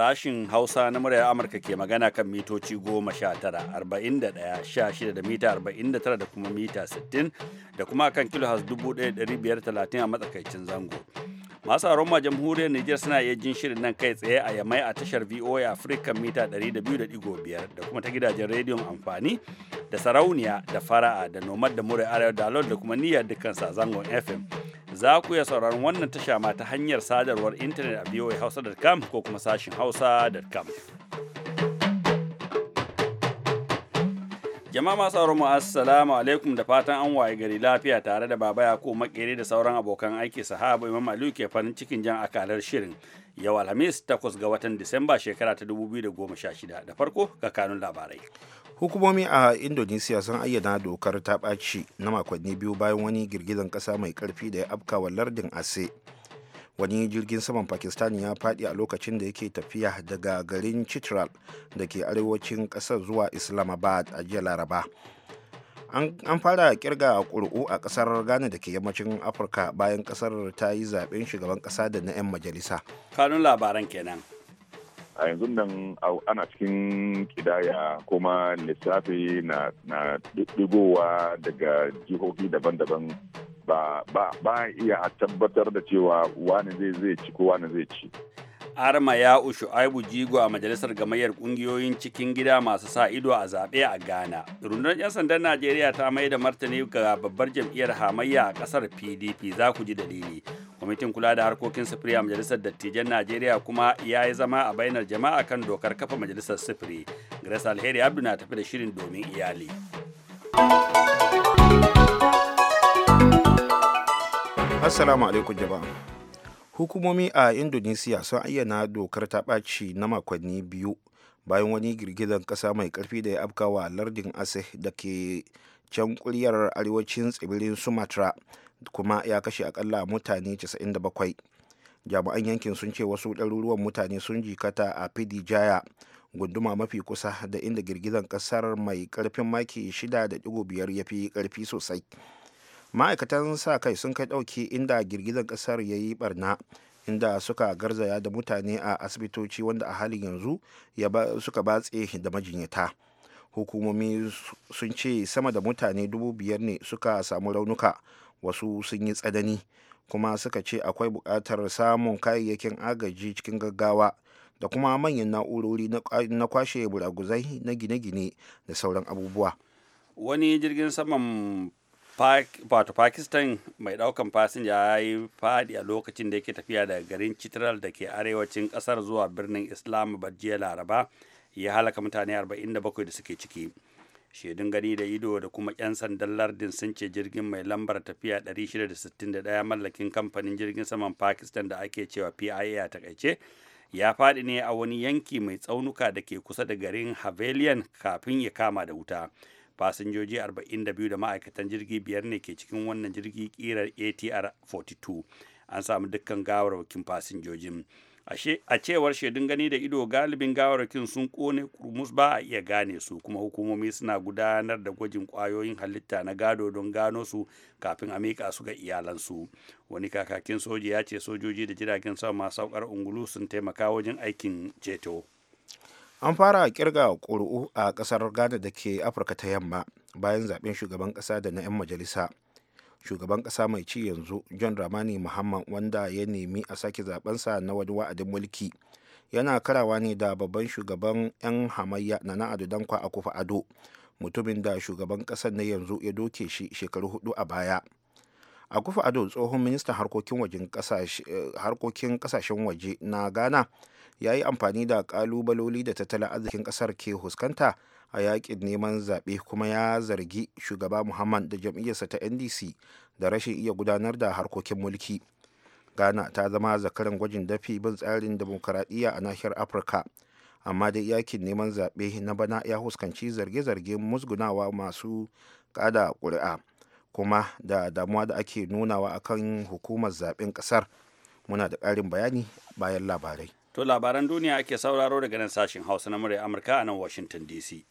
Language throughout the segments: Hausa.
Sashin Hausa na muryar Amurka ke magana kan mitoci goma sha tara, arba'in da ɗaya, sha shida da mita arba'in da tara da kuma mita sittin da kuma kan kilo dubu ɗaya ɗari biyar talatin a matsakaicin zango. masu aroma jamhuriyar Nijar suna iya jin shirin nan kai tsaye a yamai a tashar VOA Africa mita 200.5 da kuma ta gidajen rediyon amfani da sarauniya da fara'a da nomad da murai arewa da da kuma niyyar dukkan sa zangon FM. Za ku iya sauraron wannan tasha ma ta hanyar sadarwar intanet a voahausa.com ko kuma sashin hausa. Hausa.com. Jama'a masu sauraron mu assalamu alaikum da fatan an waye gari lafiya tare da baba Yakubu makere da sauran abokan aiki sahaba Imam Aliyu ke farin cikin jan akalar shirin yau Alhamis takwas ga watan Disamba shekara ta 2016 da farko ga kanun labarai. Hukumomi a Indonesia sun ayyana dokar ta ɓaci na makonni biyu bayan wani girgizan ƙasa mai ƙarfi da ya afkawa lardin Ase. wani jirgin saman pakistan ya fadi a lokacin da yake tafiya daga garin chitral da ke arewacin kasar zuwa islamabad a jiya laraba an fara kirga ƙuri'u a ƙasar ghana da ke yammacin afirka bayan ƙasar ta yi zaben shugaban ƙasa da na 'yan majalisa kanun labaran kenan a yanzu nan ana cikin kidaya kuma lissafi na digowa daga jihohi daban-daban ba ba iya tabbatar da cewa wani zai zai ci ko wani zai ci arma ya ushu aibu jigo a majalisar gamayyar kungiyoyin cikin gida masu sa ido a zaɓe a ghana rundunar 'yan sandan najeriya ta mai da martani ga babbar jam'iyyar hamayya a ƙasar pdp za ku ji dalili kwamitin kula da harkokin sufuri a majalisar dattijan najeriya kuma ya yi zama a bainar jama'a kan dokar kafa majalisar sufuri grace alheri abdu na tafi da shirin domin iyali assalamu alaikum jama'a hukumomi a indonesia sun ayyana dokar ta ɓaci na makonni biyu bayan wani girgizar ƙasa mai ƙarfi da ya afkawa lardin aseh da ke can kuliyar arewacin tsibirin sumatra kuma ya kashe akalla mutane 97 jami'an yankin sun ce wasu ɗaruruwan mutane sun jikata a pidi jaya gunduma mafi kusa da inda girgizan kasar mai karfin maki 6.5 ya fi karfi sosai ma'aikatan sa kai sun kai ɗauki inda girgizan kasar ya yi barna inda suka garzaya da mutane a asibitoci wanda a halin yanzu suka batse da majinyata hukumomi sun ce sama da mutane dubu biyar ne suka samu raunuka wasu sun yi tsadani kuma suka ce akwai buƙatar samun kayayyakin agaji cikin gaggawa da kuma manyan na'urori na kwashe buraguzai na gine-gine da sauran abubuwa wani jirgin saman wato pakistan mai daukan fasinja ya yi fadi a lokacin da yake tafiya daga garin chitral da ke arewacin kasar zuwa birnin islamabad jiya laraba ya halaka mutane 47 da suke ciki shaidun gani da ido da kuma 'yan sandan lardin sun ce jirgin mai lambar tafiya 661 mallakin kamfanin jirgin saman pakistan da ake cewa pia a takaice ya faɗi ne a wani yanki mai tsaunuka da ke kusa da garin havelian kafin ya kama da wuta fasinjoji 42 da ma'aikatan jirgi biyar ne ke cikin wannan jirgi kirar atr 42 an samu dukkan gawarwakin fasinjojin a cewar shaidun gani da ido galibin gawarakin sun kone kurmus ba a iya gane su kuma hukumomi suna gudanar da gwajin kwayoyin halitta na gado don gano su kafin a miƙa su ga iyalansu wani kakakin soji ya ce sojoji da jiragen sama saukar ungulu sun taimaka wajen aikin ceto an fara kirga ƙuri'u a kasar ghana da ke afirka ta yamma bayan zaben shugaban kasa da na 'yan majalisa shugaban ƙasa mai ci yanzu john ramani muhammad wanda ya nemi a sake zabensa na wani wa'adin mulki yana karawa ne da babban shugaban 'yan hamayya na na'adu dankwa a kufa ado mutumin da shugaban ƙasar na yanzu ya doke shi shekaru hudu a baya a kufa ado tsohon ministan harkokin eh, kasashen waje na ghana ya yi amfani da kalubaloli da tattalin arzikin kasar ke huskanta a yakin neman zaɓe kuma ya zargi shugaba muhammad da jam'iyyarsa ta ndc da rashin iya gudanar da harkokin mulki ghana ta zama zakaran gwajin dafi bin tsarin demokaradiyya a nahiyar afirka amma dai yakin neman zaɓe na bana ya huskanci zarge zarge musgunawa masu kada ƙuri'a kuma da damuwa da ake nunawa akan hukumar zaɓen ƙasar muna da ƙarin bayani bayan labarai to labaran duniya ake sauraro daga nan sashin hausa na murya amurka a nan washington dc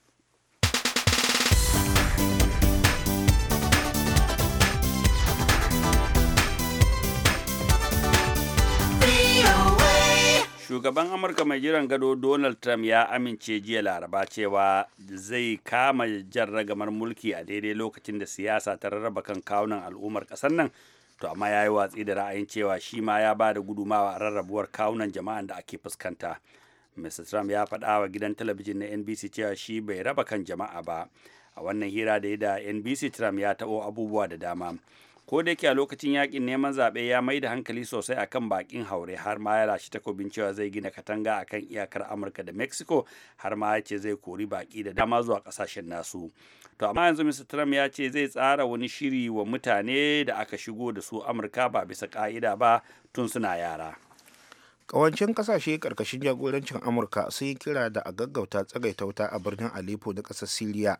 shugaban amurka mai jiran gado donald trump ya amince jiya laraba cewa zai kama jan ragamar mulki a daidai lokacin da siyasa ta rarraba kan kawunan al'ummar ƙasar nan to amma ya yi watsi da ra'ayin cewa shi ma ya ba da gudumawa a rarrabuwar kawunan jama'an da ake fuskanta mr trump ya faɗa wa gidan talabijin na nbc cewa shi bai raba kan jama'a ba a wannan hira da ya da nbc trump ya taɓo abubuwa da dama ko da yake a lokacin yakin neman zaɓe ya mai da hankali sosai akan bakin haure har ma ya lashe takobin cewa zai gina katanga a kan iyakar amurka da mexico har ma ya ce zai kori baki da dama zuwa ƙasashen nasu to amma yanzu mr trump ya ce zai tsara wani shiri wa mutane da aka shigo da su amurka ba bisa ƙa'ida ba tun suna yara kawancin kasashe karkashin jagorancin amurka sun yi kira da a gaggauta wuta a birnin aleppo na ƙasar siriya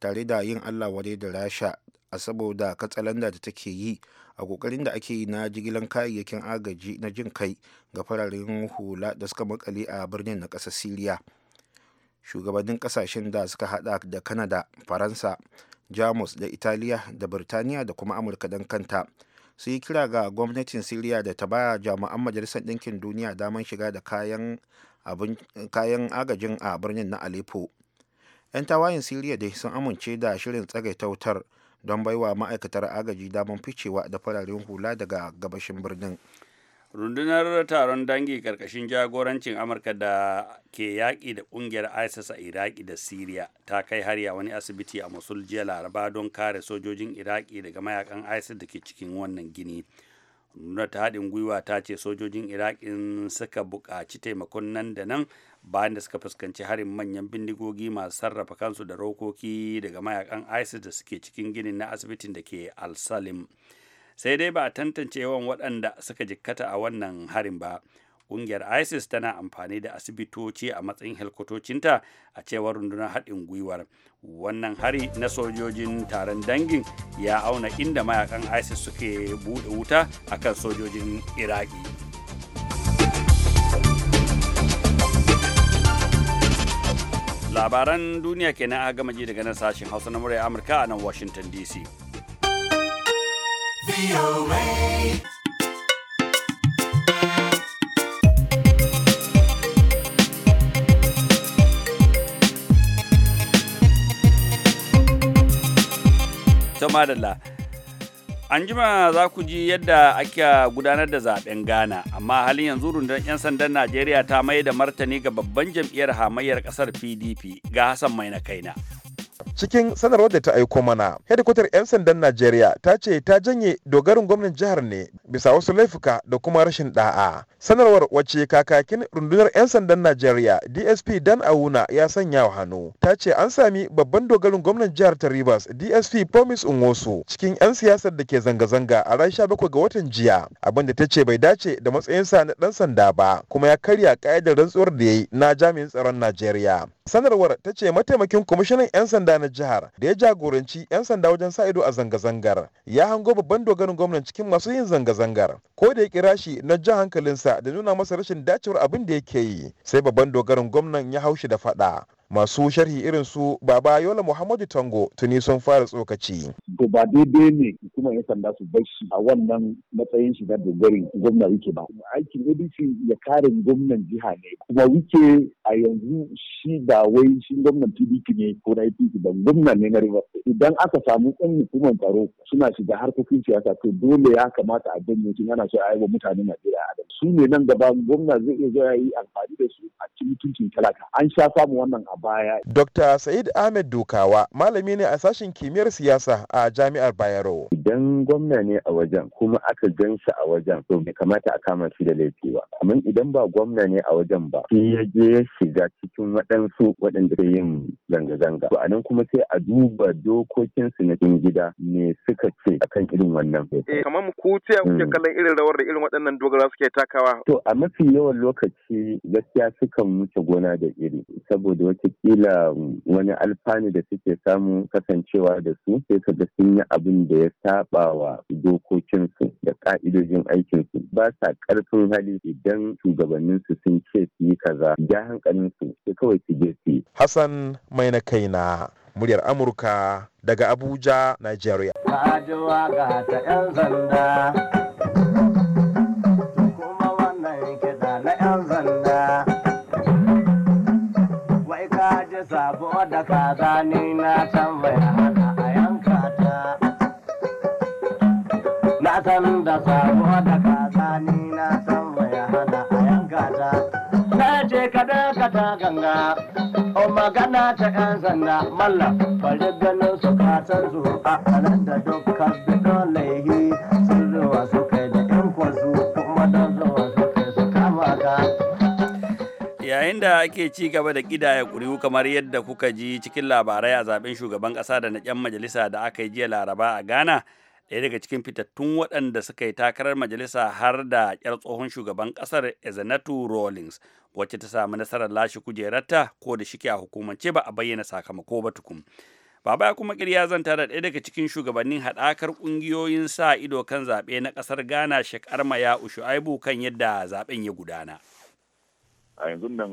tare da yin allah wadai da rasha a saboda katsalanda da take yi a kokarin da ake yi na jigilan kayayyakin agaji na jin kai ga fararen hula da suka makale a birnin na kasa siriya shugabannin kasashen da suka hada da kanada faransa jamus da italiya da birtaniya da kuma amurka don kanta su yi kira ga gwamnatin siriya da ta baya jami'an majalisar ɗinkin duniya damar shiga da kayan agajin a birnin na aleppo 'yan tawayin siriya dai sun amince da shirin tsagaita wutar don baiwa ma'aikatar agaji damar ficewa da fararen hula daga gabashin birnin rundunar taron dangi karkashin jagorancin amurka da ke yaƙi da ƙungiyar isis a iraki da syria ta kai hari a wani asibiti a mosul jiya laraba don kare sojojin iraki daga mayakan isis da ke cikin wannan gini rundunar ta haɗin gwiwa ta ce sojojin iraki suka buƙaci taimakon nan da nan bayan da suka fuskanci harin manyan bindigogi masu sarrafa kansu da rokoki daga mayakan isis da suke cikin ginin na asibitin da ke al-salim sai dai ba a tantance yawan waɗanda suka jikkata a wannan harin ba ƙungiyar isis tana amfani da asibitoci a matsayin helkwatocinta a cewar rundunar haɗin gwiwar wannan hari na sojojin taron dangin ya auna inda mayakan isis suke buɗe wuta akan sojojin iraki labaran duniya kenan a gama ji daga nan sashen hausa na murya amurka a nan washington dc ta an jima za ku ji yadda ake gudanar da zaben ghana amma halin yanzu rundunar 'yan sandan najeriya ta mai da martani ga babban jam'iyyar hamayyar kasar pdp ga hassan mai na kaina cikin sanarwar da ta aiko mana hedikwatar 'yan sandan najeriya ta ce ta janye dogarin gwamnan jihar ne bisa wasu laifuka da kuma rashin da'a sanarwar wacce kakakin rundunar 'yan sandan najeriya dsp dan auna ya sanya wa hannu ta ce an sami babban dogarin gwamnan jihar ta rivers dsp promise unwosu cikin 'yan siyasar da ke zanga-zanga a ran bakwai ga watan jiya abinda ta ce bai dace da matsayinsa na dan sanda ba kuma ya karya ka'idar rantsuwar da ya yi na jami'in tsaron najeriya sanarwar ta ce mataimakin kwamishinan 'yan sanda na jihar da ya jagoranci 'yan sanda wajen sa ido a zanga-zangar ya hango babban dogarin gwamnan cikin masu yin zanga-zangar ko da ya kira shi na jan hankalinsa da nuna masa rashin dacewar abin da yake yi sai babban dogarin gwamnan ya haushi da faɗa masu sharhi irin su baba yola muhammadu tango tuni sun fara tsokaci. to ba daidai ne kuma ya sanda su bar shi a wannan matsayin shiga dogari gwamna wike ba aikin abc ya kare gwamnan jiha ne kuma wike a yanzu shi ba wai shi gwamnan pdp ne ko na ipc ba gwamna ne na river idan aka samu ɗan hukumar tsaro suna shiga harkokin siyasa to dole ya kamata a janye tun yana so a mutane wa mutanen najeriya adam su ne nan gaba gwamna zai iya zuwa yi amfani da su a cikin mutuncin talaka an sha samu wannan abu baya. Dr. Said Ahmed Dukawa malami ne a sashen kimiyyar siyasa a jami'ar Bayero. Idan gwamna ne a wajen kuma aka gan shi a wajen to bai kamata a kama shi da laifi ba. Amma idan ba gwamna ne a wajen ba shi ya je ya shiga cikin waɗansu waɗanda ke yin zanga-zanga. To a kuma sai a duba dokokin su na gida me suka ce akan irin wannan. Eh kamar mu ku kuke hmm. kallon irin rawar da irin waɗannan dogara suke takawa. To a mafi yawan lokaci gaskiya sukan wuce gona da iri saboda wata watakila mm, wani alfani da suke samun kasancewa da su sai ka ga sun yi abin da ya saba wa dokokinsu da ka'idojin aikinsu ba sa karfin hali idan shugabanninsu sun ce su yi kaza ja hankalinsu sai kawai su je su yi. Hassan mai na kaina muryar Amurka daga Abuja, Nigeria. ga ta 'yan sanda. saboda kaza ni na tambaya hana a yanka ta na san da saboda kaza ni na tambaya hana a yanka ta na ce ka ta ganga o magana ta yan sanda mallam bari ganin su kasan su a kanan da dukkan bidon laihi yayin da ake ci gaba da ya ƙuri'u kamar yadda kuka ji cikin labarai a zaben shugaban ƙasa da na 'yan majalisa da aka yi jiya laraba a ghana ɗaya daga cikin fitattun waɗanda suka yi takarar majalisa har da ƙyar tsohon shugaban ƙasar ezenatu rawlings wacce ta samu nasarar lashe kujerarta ko da shike a hukumance ba a bayyana sakamako ba tukun baba ya kuma kirya zanta da ɗaya daga cikin shugabannin haɗakar ƙungiyoyin sa ido kan zaɓe na ƙasar ghana shekarma ya ushu aibu kan yadda zaɓen ya gudana a yanzu nan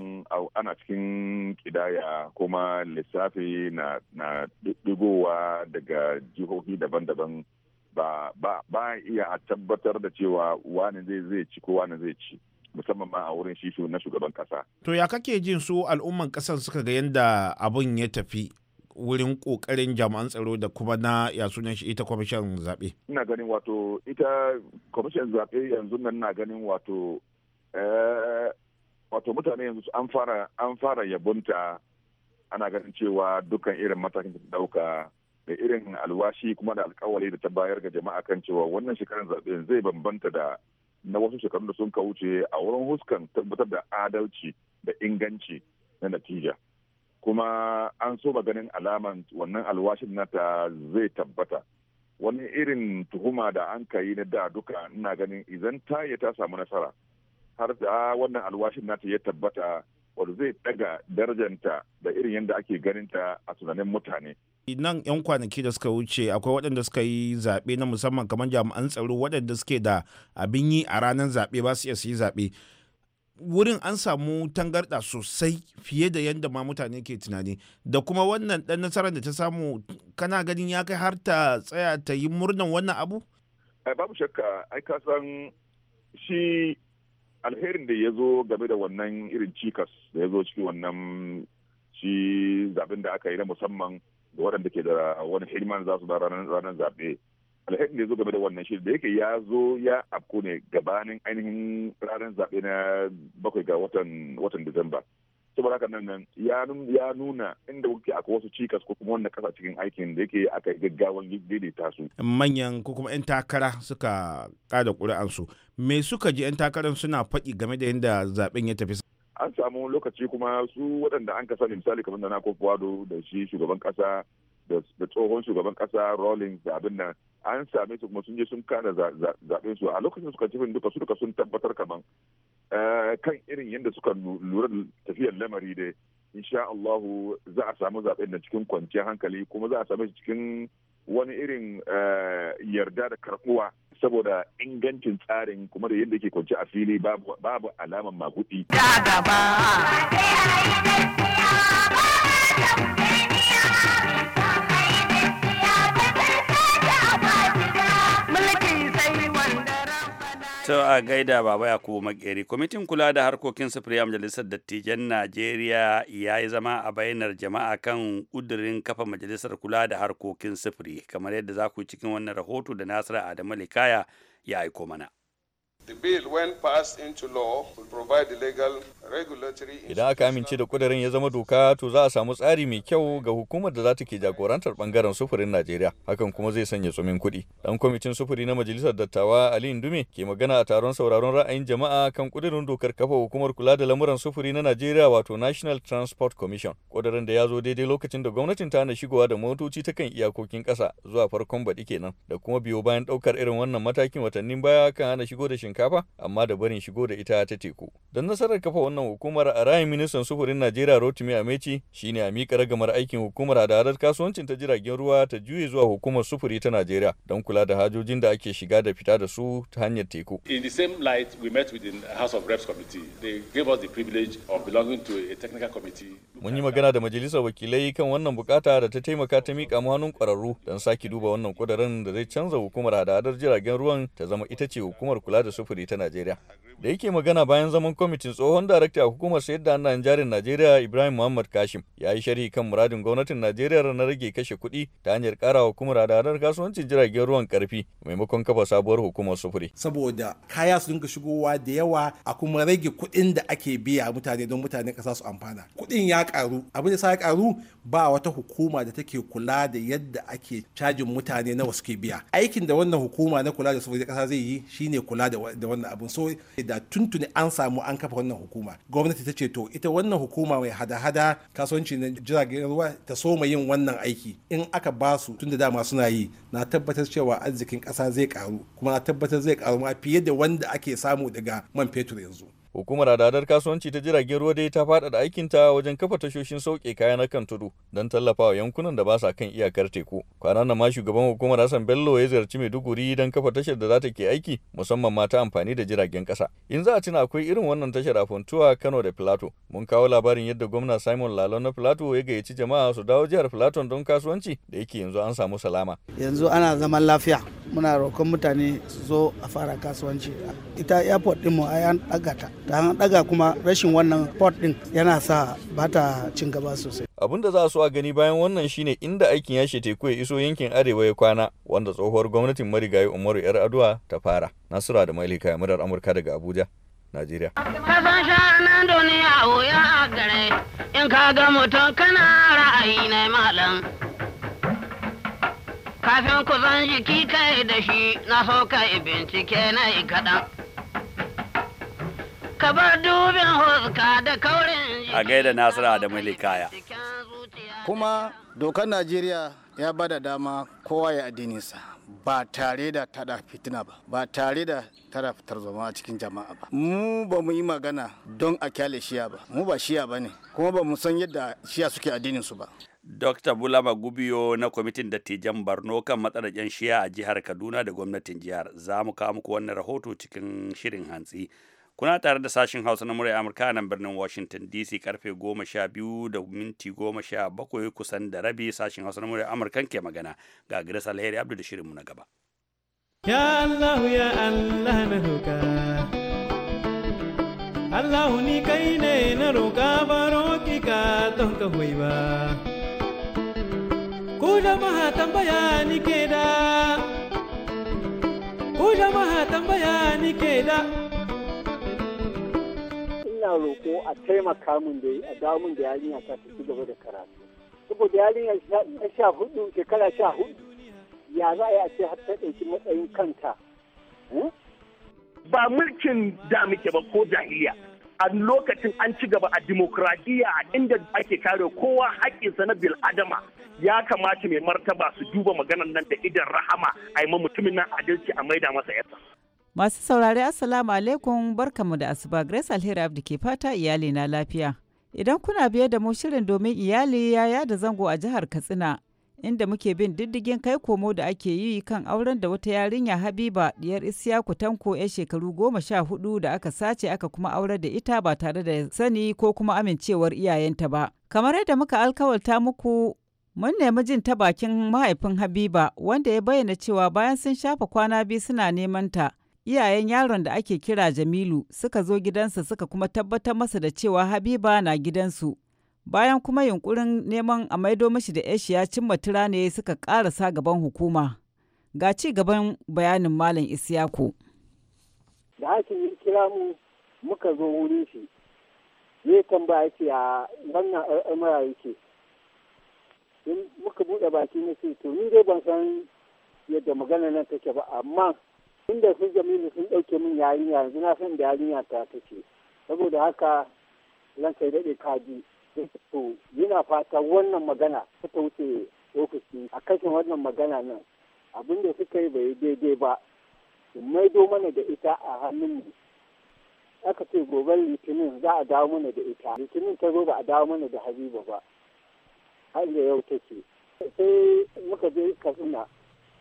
ana cikin kidaya kuma lissafi na digowa daga jihohi daban-daban ba ba iya tabbatar da cewa wani zai zai ci ko wani zai ci musamman ma a wurin shi na shugaban kasa. To ya kake jin su al'umman kasan suka ga yadda abun ya tafi wurin kokarin jami'an tsaro da kuma na ya sunan shi ita kwamishin zaɓe. Ina ganin wato ita kwamishin zaɓe yanzu nan na ganin wato eh, wato mutane yanzu an fara an fara yabonta ana ganin cewa dukkan irin matakin da dauka da irin alwashi kuma da alkawari da ta bayar ga jama'a kan cewa wannan shekarar zaɓen zai bambanta da na wasu shekarun da sun kauce a wurin huskan tabbatar da adalci da inganci na natija kuma an so ba ganin alaman wannan alwashin nata zai tabbata wani irin tuhuma da an kayi na da duka ina ganin idan taya ta samu nasara har da wannan alwashin nata ya tabbata wadda zai daga darajanta da irin yadda ake ganinta a tunanin mutane. nan 'yan kwanaki da suka wuce akwai waɗanda suka yi zaɓe na musamman kamar jami'an tsaro waɗanda suke da abin yi a ranar zaɓe ba su iya su yi zaɓe wurin an samu tangarɗa sosai fiye da yadda ma mutane ke tunani da kuma wannan ɗan nasarar da ta samu kana ganin ya kai har ta tsaya ta yi murnan wannan abu? babu shakka ai ka san shi alherin da ya zo game da wannan irin cikas da ya zo ciki wannan shi zaben da aka yi na musamman da waɗanda ke da wani hirman za su da ranar zaɓe alherin da ya zo game da wannan shi da yake ya zo ya afko ne gabanin ainihin ranar zaɓe na bakwai ga watan Disamba. saboda haka nan ya nuna inda kuke akwai wasu cikas ko kuma wanda kasa cikin aikin da yake aka gaggawan daidaita su manyan ko kuma yan takara suka kada ƙuri'ansu me suka ji yan takarar suna faɗi game da yadda zaben ya tafi an samu lokaci kuma su waɗanda an kasa misali kamar da na kofuwado da shi shugaban kasa da tsohon shugaban kasa rawlings da abin nan an same su kuma sun je sun kana zaɓen su a lokacin suka ci duka su duka sun tabbatar kaman Eh, kan irin yadda suka lura da tafiyar lamari da insha Allahu za a samu zaɓen da cikin kwanciyar hankali kuma za a samu shi cikin wani irin eh, yarda da karbuwa saboda ingancin tsarin kuma da yadda ke kwanci a fili babu alaman maguɗi. To a gaida baba Yakubu Makeri, kwamitin kula da harkokin sufuri a Majalisar Dattijan Najeriya ya yi zama a bayanar jama'a kan ƙudurin kafa Majalisar Kula da Harkokin Sufuri, kamar yadda za ku cikin wannan rahoto da Nasiru Adamu Likaya ya aiko mana. the legal Idan aka amince da kudirin ya zama doka to za a samu tsari mai kyau ga hukumar da za ta ke jagorantar bangaren sufurin Najeriya. Hakan kuma zai sanya tsumin kuɗi. Dan kwamitin sufuri na Majalisar Dattawa Ali Indume ke magana a taron sauraron ra'ayin jama'a kan kudirin dokar kafa hukumar kula da lamuran sufuri na Najeriya wato National Transport Commission. Kudirin da ya zo daidai lokacin da gwamnatin ta na shigowa da motoci ta kan iyakokin ƙasa zuwa farkon baɗi kenan da kuma biyo bayan ɗaukar irin wannan matakin watannin baya kan hana shigo da shinkafa shinkafa amma da barin shigo da ita ta teku don nasarar kafa wannan hukumar a rayin ministan sufurin najeriya rotimi amechi shine a miƙa ragamar aikin hukumar adalar kasuwancin ta jiragen ruwa ta juye zuwa hukumar sufuri ta najeriya don kula da hajojin da ake shiga da fita da su ta hanyar teku in the same light we met with the house of reps committee they gave us the privilege of belonging to a technical committee mun yi magana da majalisar wakilai kan wannan bukata da ta taimaka ta miƙa mu hannun ƙwararru don sake duba wannan kudarin da zai canza hukumar hadadar jiragen ruwan ta zama ita ce hukumar kula da sufuri afirka ta najeriya da yake magana bayan zaman kwamitin tsohon darakta a hukumar sayar da hannayen jarin Najeriya Ibrahim Muhammad Kashim ya yi sharhi kan muradin gwamnatin Najeriya na rage kashe kuɗi ta hanyar ƙara kuma hadarar kasuwancin jiragen ruwan karfi maimakon kafa sabuwar hukumar sufuri. Saboda kaya su dinga shigowa da yawa a kuma rage kuɗin da ake biya mutane don mutane ƙasa su amfana. Kuɗin ya karu abin da sa ya ƙaru ba wata hukuma da take kula da yadda ake cajin mutane nawa suke biya. Aikin da wannan hukuma na kula da sufuri ƙasa zai yi shine kula da wannan abin. So da tuntuni an samu an kafa wannan hukuma gwamnati ta ce to ita wannan hukuma mai hada-hada kasuwanci na jiragen ruwa ta soma yin wannan aiki in aka ba su tunda dama suna yi na tabbatar cewa arzikin ƙasa zai karu kuma na tabbatar zai karu ma fiye da wanda ake samu daga man fetur yanzu Hukumar adadar kasuwanci ta jiragen ruwa dai ta faɗaɗa aikinta wajen kafa tashoshin sauke kaya na kan tudu don tallafawa yankunan da ba sa kan iyakar teku. Kwanan na ma shugaban hukumar Hassan Bello ya ziyarci Maiduguri don kafa tashar da za ta ke aiki musamman ma ta amfani da jiragen kasa In za a tuna akwai irin wannan tashar a Fontuwa, Kano da Filato. Mun kawo labarin yadda gwamna Simon Lalo na Filato ya gayyaci jama'a su dawo jihar Filato don kasuwanci da yake yanzu an samu salama. Yanzu ana zaman lafiya. Muna roƙon mutane su zo a fara kasuwanci. Ita airport ɗinmu a yan ɗagata. ta ɗaga kuma rashin wannan port ɗin yana sa ba ta cin gaba sosai abin da za su a gani bayan wannan shine inda aikin yashe teku ya iso yankin arewa ya kwana wanda tsohuwar gwamnatin marigayi umaru yar adu'a ta fara nasura da mailika murar amurka daga abuja najeriya duniya in ka ga mutum kana ra'ayi na malam kafin ku zan jiki kai da shi na so kai bincike na yi kaɗan kabar dubin huska da kaurin a gaida nasara da kaya. kuma dokar najeriya ya bada dama kowa ya addininsa ba tare da tada fitina ba ba tare da tara tarzoma a cikin jama'a ba mu ba mu yi magana don a kyale shiya ba mu ba shiya ba ne kuma ba mu san yadda shiya suke addinin su ba Dr. Bulama Gubiyo na kwamitin dattijan Barno kan matsalar 'yan shiya a jihar Kaduna da gwamnatin jihar za mu kawo muku wannan rahoto cikin shirin hantsi. kuna tare da sashen hausa na murya amurka nan birnin washington dc karfe goma sha biyu da minti goma sha bakwai kusan da rabi sashen hausa na murya amurkan ke magana ga grace alheri abdu da shirinmu na gaba ya allah ya allah na roƙa allah ni kai ne na roƙa ba roƙi ka don ka hoyi ba ku jama'a tambaya ni ke da ku jama'a tambaya ni ke da ina roƙo a taimaka min da a dawo min da yarinya ta ta ci gaba da karatu saboda yarinya ta sha hudu shekara sha hudu ya za a yi a ce har ta ɗauki matsayin kanta eh? ba mulkin da muke ba ko jahiliya a lokacin an ci gaba a dimokuraɗiyya a inda ake kare kowa haƙƙinsa na bil'adama ya kamata mai martaba su duba maganar nan da idan rahama a yi mutumin nan adalci a maida masa yasa. Masu saurari Assalamu alaikum barkamu da asuba Grace Alheri Abdi ke fata iyali na lafiya. Idan kuna biye da mu shirin domin iyali yaya da zango a jihar Katsina inda muke bin diddigin kai komo da ake yi kan auren da wata yarinya Habiba diyar Isiyaku Tanko ya shekaru goma sha hudu da aka sace aka kuma aurar da ita ba tare da sani ko kuma amincewar iyayenta ba. Kamar yadda muka alkawalta muku Mun nemi jin ta bakin mahaifin Habiba wanda ya bayyana cewa bayan sun shafa kwana biyu suna neman ta iyayen yaron da ake kira Jamilu suka zo gidansa suka kuma tabbatar masa da cewa Habiba na gidansu. Bayan kuma yunkurin neman a maido mashi da yashi ya cimma tura ne suka ƙarasa gaban hukuma. Ga ci gaban bayanin Malam Isiyako. Da yi kira mu muka zo wurin shi, zai tambaya ce a wannan al'amura yake. Muka buɗe baki na ce, to ni dai ban san yadda magana nan take ba, amma da su jamilu sun ɗauke min yarinya yanzu na san da yarinya ta take saboda haka lanka ya daɗe kaji to yana fata wannan magana ta wuce lokaci a kashin wannan magana nan abin da suka yi bai daidai ba su maido mana da ita a hannun mu aka ce gobe litinin za a dawo mana da ita litinin ta zo ba a dawo mana da habiba ba har da yau take sai muka je katsina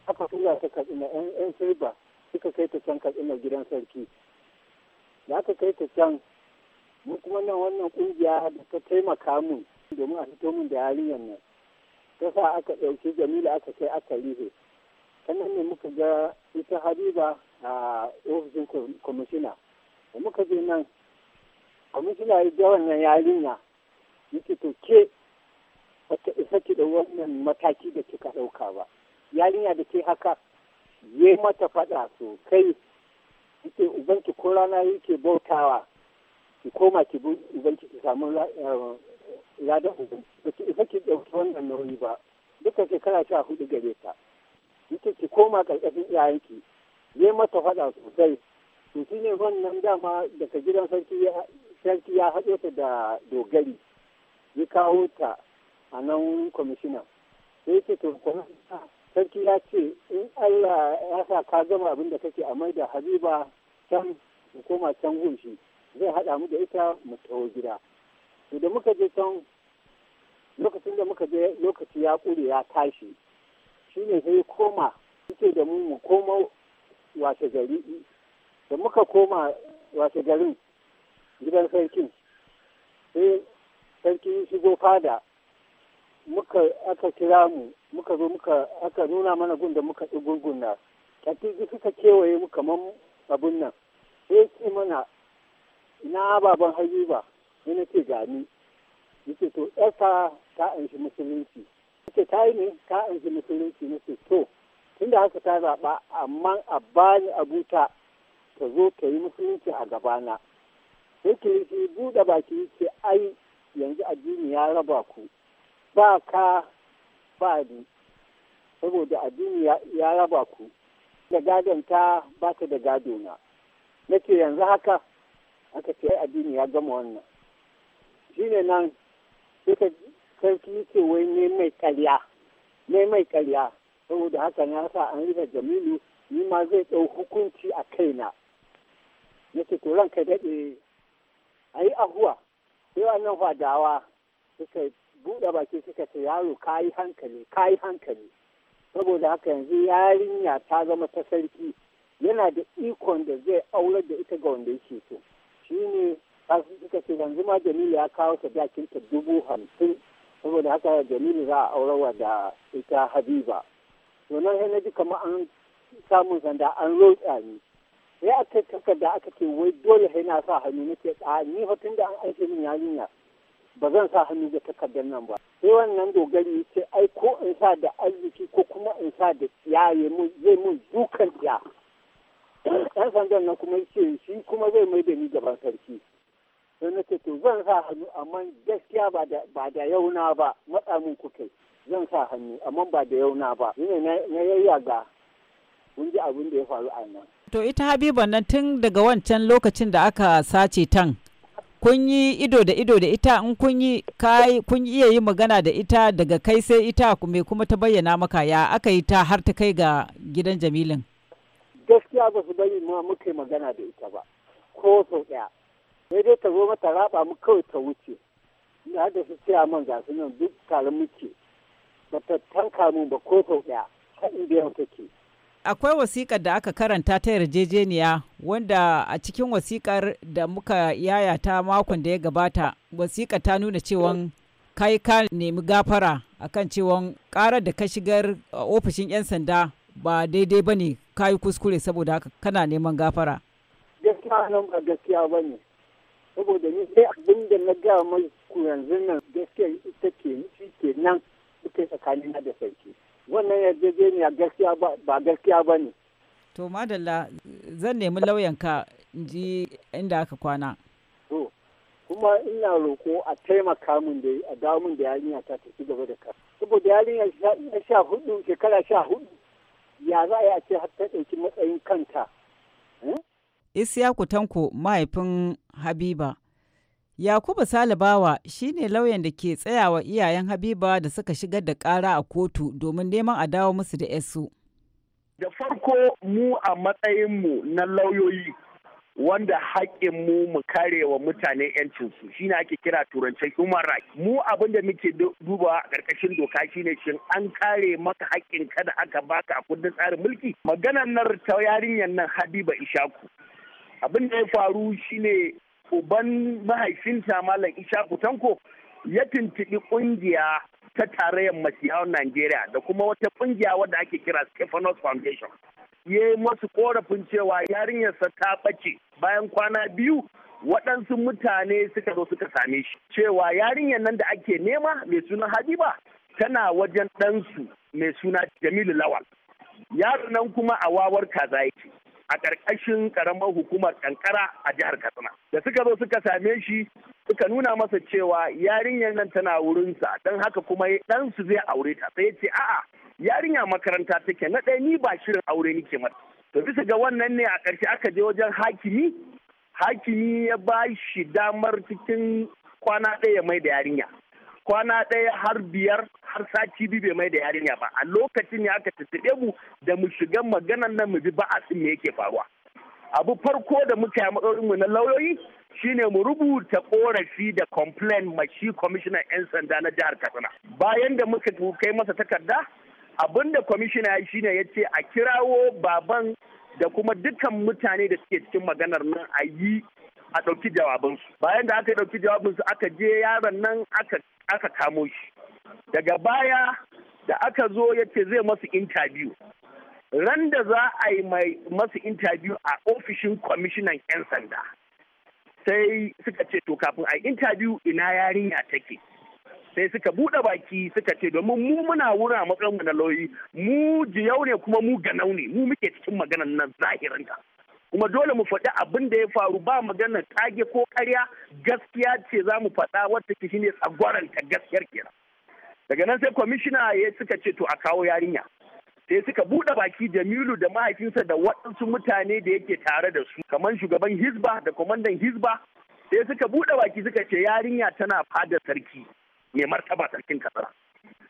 aka tura ta katsina yan silba kai ta can katsina gidan sarki da aka kai ta can mu kuma nan wannan kungiya da ta taimaka mun domin a fito mun da yarinyar nan ta sa aka ɗauki jamila aka kai aka rihe nan ne muka ga ita habiba a ofishin kwamishina da muka je nan kwamishina ya ga wannan yarinya yake to ke ta isa ki da wannan mataki da kika ɗauka ba yarinya da ke haka ya mata faɗa kai ita ubanki ko rana yake bautawa ki koma ki bi ubanki ki samu eh, ladan ubanki ba ki isa ɗauki wannan nauyi ba duka shekara sha hudu gare ta ita ki koma ƙarƙashin iyayenki ya mata faɗa sosai to shi ne wannan dama daga gidan sarki ya haɗe ta da dogari ya kawo ta a nan kwamishina sai ke to kwamishina sarki ya ce in Allah ya sa ka gama abin da kake a mai da habiba can mu koma can gunshi zai haɗa mu da ita mu tawo gida to da muka je can lokacin da muka je lokaci ya ƙure ya tashi shi ne sai koma suke da mu mu koma washe gari da muka koma washe garin gidan sarki sai sarki shigo fada muka aka kira mu muka zo muka aka nuna mana gunda da muka ɗi gurgunna katiji suka kewaye mu kamar abun nan sai ce mana na baban ba sai na ce gani yace to ɗasa ta anshi musulunci yace ta yi ne ta anshi musulunci na ce to tunda haka ta zaɓa amma a bani abuta ta zo ta yi musulunci a gabana sai kilishi buɗe baki ce ai yanzu addini ya raba ku ba ka ba ni saboda addini ya raba ku da gadon ta ba ta da gado na nake yanzu haka aka ce addini ya gama wannan shine nan duka sarki ce wai ne mai karya ne mai karya saboda haka na sa an rufe jamilu ni ma zai ɗau hukunci a kaina na ce to ranka daɗe a yi ahuwa sai wannan fadawa suka buɗe baki suka ce yaro kayi hankali kayi hankali saboda haka yanzu yarinya ta zama ta sarki yana da ikon da zai aurar da ita ga wanda yake so shine suka ce yanzu ma jamilu ya kawo ta dubu hamsin saboda haka jamilu za a aurawa da ita habiba to nan sai na ji kamar an samun sanda an rotsa ni sai aka da aka ce wai dole sai na sa hannu nake a ni fa tunda an aike min yarinya ba zan sa hannu da takardar nan ba sai wannan dogari ce ai ko in sa da arziki ko kuma in sa da tsiyaye zai mun dukan ya. ɗan sandan nan kuma ce shi kuma zai mai da ni gaban sarki sai na ce to zan sa hannu amma gaskiya ba da yauna ba matsa mun kuke zan sa hannu amma ba da yauna ba ne na yayyaga mun ji abin da ya faru a nan to ita habiba nan tun daga wancan lokacin da aka sace tan kun yi ido da ido da ita in kun yi kun iya yi magana da ita daga kai sai ita me kuma ta bayyana maka ya aka yi ta har ta kai ga gidan jamilin gaskiya ba su bari ma muka yi magana da ita ba ko sau ɗaya sai dai ta zo mata raba mu kawai ta wuce na da su cewa man ga su nan duk tare muke ba ta tanka mu ba ko sau ɗaya ta inda yau take akwai wasikar da aka karanta ta yarjejeniya wanda a cikin wasikar da muka yayata makon da ya gabata wasikar ta nuna cewa kai ka nemi gafara akan cewa karar da ka shigar ofishin 'yan sanda ba daidai ba ne ka yi kuskure saboda haka kana neman gafara gaskiya nan ba gaskiya ba ne saboda ni sai abin da na ga mai yanzu nan gaskiya ita ke nan da sarki wannan yarjejeniya gaskiya ba gaskiya ba ne to madalla zan nemi lauyanka in ji inda aka kwana to kuma ina roko a taimaka min da a dawo min da yarinya ta ta ci gaba da ka saboda yarinya na sha hudu shekara sha hudu ya za a yi a ce har ta ɗauki matsayin kanta eh? Isiyaku Tanko mahaifin Habiba Yakubu Salibawa shi ne lauyan da ke tsayawa iyayen Habiba da suka shigar da ƙara a kotu domin neman a dawo musu da 'yarsu. Da farko mu a matsayinmu na lauyoyi wanda haƙƙinmu mu kare wa mutane 'yancinsu ne ake kira turancin human rights mu abin da muke dubawa a ƙarƙashin doka shine shin an kare maka haƙƙin kada aka baka a kundin tsarin mulki maganar nan ta yarinyar nan habiba ishaku abin da ya faru shi ne. uban mahaifinta malam ishaku tanko ya tuntuɓi ƙungiya ta tarayyar masiyawan najeriya da kuma wata ƙungiya wadda ake kira stephanos foundation ya yi masu ƙorafin cewa yarinyarsa ta ɓace bayan kwana biyu waɗansu mutane suka zo suka same shi cewa yarinyar nan da ake nema mai suna habiba tana wajen ɗansu mai suna jamilu lawal yaro nan kuma a wawar kaza yake a ƙarƙashin ƙaramar hukumar kankara a jihar katsina da suka zo suka same shi suka nuna masa cewa yarinyar nan tana wurinsa don haka kuma ɗansu zai aure ta sai ya ce a'a yarinya makaranta take na ɗaya ni ba shirin aure nike mata to bisa ga wannan ne a ƙarshe aka je wajen hakimi hakimi ya ba shi damar cikin kwana ɗaya mai da yarinya kwana ɗaya har biyar har sati biyu bai mai da yarinya ba a lokacin ya aka tattaɓe mu da mu shiga maganan nan mu bi ba a ba'asin me yake faruwa abu farko da muka yi matsalolin mu na lauyoyi shine mu rubuta korafi da complain ma shi commissioner 'yan sanda na jihar katsina bayan da muka kai masa takarda abinda ya shine ya ce a kirawo baban da kuma dukkan mutane da suke cikin maganar nan a yi a ɗauki jawabinsu bayan da aka ɗauki jawabinsu aka je yaron nan aka aka kamo shi daga baya da aka zo ya zai masu intabiyu ran da za a yi masu intabiyu a ofishin kwamishinan 'yan sanda sai suka ce to kafin a intabiyu ina yarinya take sai suka buɗe baki suka ce domin mu muna wura matsayin wani na lauyi mu jiyau ne kuma mu ganau ne mu muke cikin maganan nan zahirin kuma dole mu faɗi abin da ya faru ba magana tage ko karya gaskiya ce za mu faɗa wata ke shine tsagwaranta gaskiyar kenan daga nan sai kwamishina ya suka ce to a kawo yarinya sai suka buɗe baki jamilu da mahaifinsa da waɗansu mutane da yake tare da su kamar shugaban hizba da kwamandan hizba sai suka buɗe baki suka ce yarinya tana fada sarki mai martaba sarkin kasa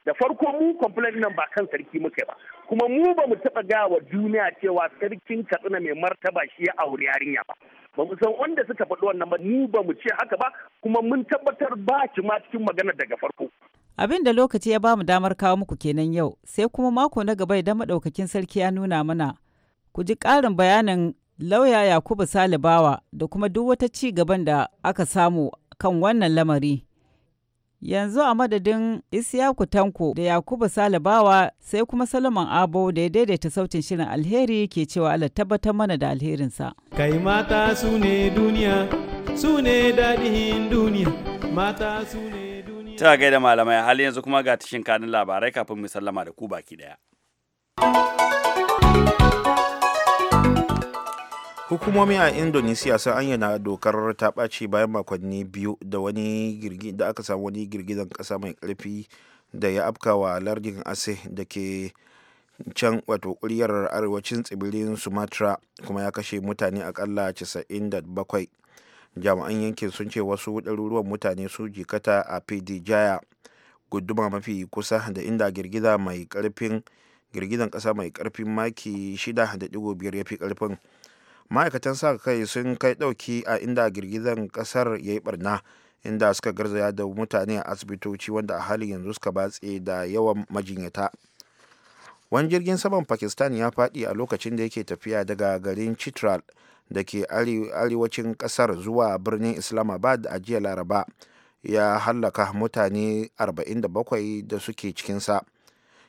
da farko mu complain nan ba kan sarki muke ba kuma mu ba mu taɓa wa duniya cewa sarkin katsina mai martaba shi ya auri yarinya ba ba mu san wanda suka faɗi wannan ba mu ba mu ce haka ba kuma mun tabbatar ba ki ma cikin magana daga farko abin da lokaci ya ba mu damar kawo muku kenan yau sai kuma mako na gaba idan madaukakin sarki ya nuna mana ku ji ƙarin bayanin lauya yakubu salibawa da kuma duk wata ci gaban da aka samu kan wannan lamari Yanzu a madadin Isiyaku Tanko da Yakubu Salabawa sai kuma Salomon Abo da ya daidaita sautin shirin alheri ke cewa Allah tabbatar mana da alherinsa. Kai mata su ne duniya, su ne daɗin duniya, mata su ne duniya. Ta gaida malamai hali yanzu kuma ga tashin kanin labarai kafin mu sallama da ku baki ɗaya. hukumomi a indonesia sun ayyana dokar ta ɓace bayan makonni biyu da wani da aka samu wani girgizan ƙasa mai ƙarfi da ya wa lardin ase da ke can wato ƙuryar arewacin tsibirin sumatra kuma ya kashe mutane akalla 97 jami'an yankin sun ce wasu ɗaruruwan mutane su jikata a pd jaya guduma mafi kusa da inda girgiza mai ƙarfin girgizan ƙasa mai ƙarfin maki 6.5 ya fi ƙarfin ma'aikatan sa kai sun kai ɗauki a inda girgizar ƙasar ya yi barna inda suka garzaya da mutane a asibitoci wanda a halin yanzu suka batse da yawan majinyata wani jirgin saman pakistan ya faɗi a lokacin da yake tafiya daga garin chitral da ke arewacin ƙasar zuwa birnin islamabad a jiya laraba ya hallaka mutane 47 da suke cikinsa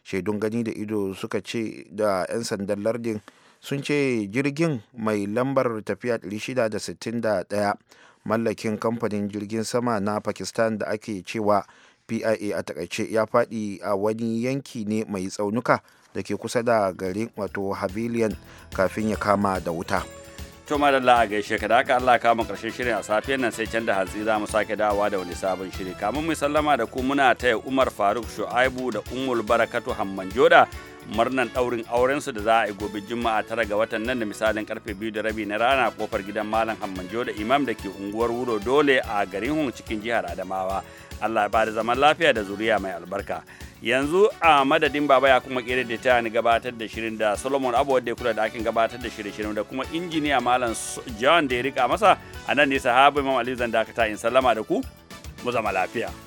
shaidun gani da ido suka ce da 'yan sandan lardin sun ce jirgin mai lambar tafiya 661 mallakin kamfanin jirgin sama na pakistan da ake cewa pia a takaice ya faɗi a wani yanki ne mai tsaunuka da ke kusa da garin wato habiliyan kafin ya kama da wuta to madalla a gaishe ka da haka Allah kama karshen shirin a safiyar nan sai can da hantsi za mu sake dawowa da wani sabon shiri kamun mu sallama da ku muna taya Umar Faruk Shu'aibu da Ummul Barakatu Hamman Joda murnar daurin aurensu da za a yi gobe juma'a tara ga watan nan da misalin karfe biyu da rabi na rana kofar gidan malam hammanjo da imam da ke unguwar wuro dole a garin hun cikin jihar adamawa allah ya bada zaman lafiya da zuriya mai albarka yanzu a madadin baba ya kuma kere da ta ni gabatar da shirin da solomon abu wadda ya kula da akin gabatar da shirin shirin da kuma injiniya malam john da ya rika masa a nan ne sahabu imam ali zan dakata in sallama da ku mu zama lafiya